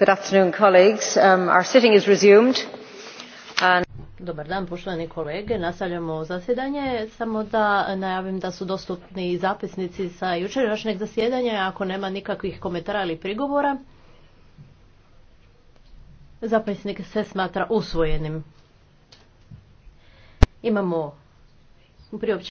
Um, Dobar dan, poštovani kolege. Nastavljamo zasjedanje. Samo da najavim da su dostupni zapisnici sa jučerašnjeg zasjedanja. Ako nema nikakvih komentara ili prigovora, zapisnik se smatra usvojenim. Imamo priopćenje.